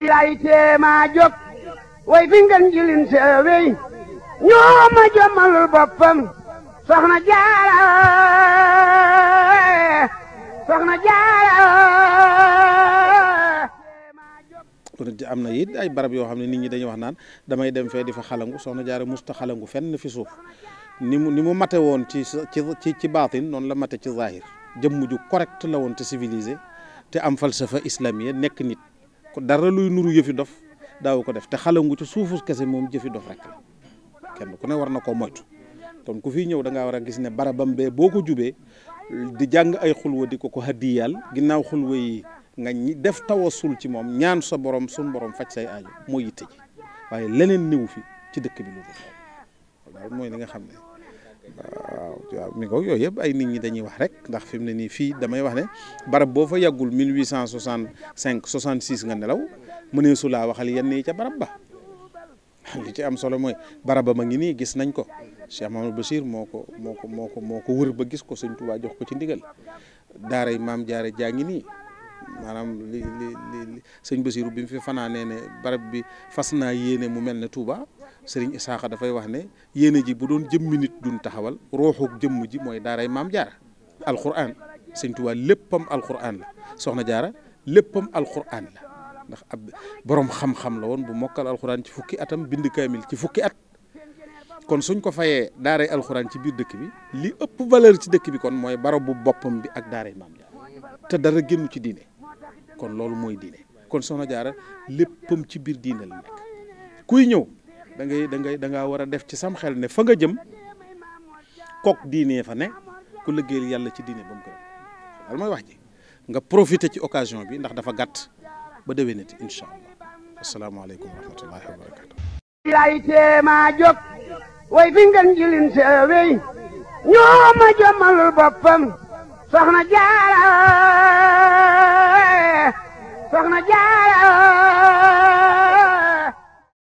lay teema jóg way fi ngeen jilin seewey ñoo ma jommalul boppam soxna jaara soxna jaara am na it ay barab yoo xam ne nit ñi dañuy wax naan damay dem fee di fa xalangu soxna jaara musta xalangu fenn fi suuf ni mu ni mu mate woon ci ci ci baatin noonu la mate ci zahir jëmm ju correct la woon te civilisé te am falsafa islamiya nekk nit dara luy nuru yëfi dof daaw ko def te xalangu ci suufu kese moom jëfi dof rek kenn ku ne war na koo moytu kon ku fiy ñëw da ngaa war a gis ne barabam bee boo ko jubee di jàng ay xulwa di ko ko hadiyaal ginnaaw xulwa yi nga def tawasul ci moom ñaan sa borom sun borom faj say aajo moo yitte ji waaye leneen néew fi ci dëkk bi lu dul xam waaw waaw mi ngoog yooyu yëpp ay nit ñi dañuy wax rek ndax fi mu ne nii fii damay wax ne barab boo fa yàggul mille 1865 66 nga nelaw mënee su laa waxal yenn yi ca barab ba li ci am solo mooy baraba ma ngi nii gis nañ ko Cheikh Mamadou Bachir moo ko moo ko moo ko moo ko wër ba gis ko Sëñ Tuubaa jox ko ci ndigal daaray maam jaare jaa ngi nii maanaam li li li sëñ Basiru bi mu fi fanaanee ne barab bi fas naa yéene mu mel ne Touba sëriñ Isaaxa dafay wax ne yéene ji bu doon jëmmi nit duñ taxawal ruuxuk jëmm ji mooy daaray maam jaara alquran sëñ Tuubaa léppam alquran la soxna jaara léppam alquran la ndax ab boroom xam-xam la woon bu mokkal alquran ci fukki atam bind kaamil ci fukki at kon suñ ko fayee daaray alxuraan ci biir dëkk bi li ëpp valeur ci dëkk bi kon mooy barabu boppam bi ak daaray maam jaara te dara génnu ci diine kon loolu mooy diine kon soxna jaara léppam ci biir diine la nekk kuy ñëw da ngay da ngay da war a def ci sam xel ne fa nga jëm kook diine fa ne ku liggéeyal yàlla ci diine ba mu ko wala mooy wax ji nga profiter ci occasion bi ndax dafa gàtt ba déwénati incha allah asalaamaaleykum way fi ngeen jilin seewey ñoo ma jëmal boppam soxna jaara soxna jaara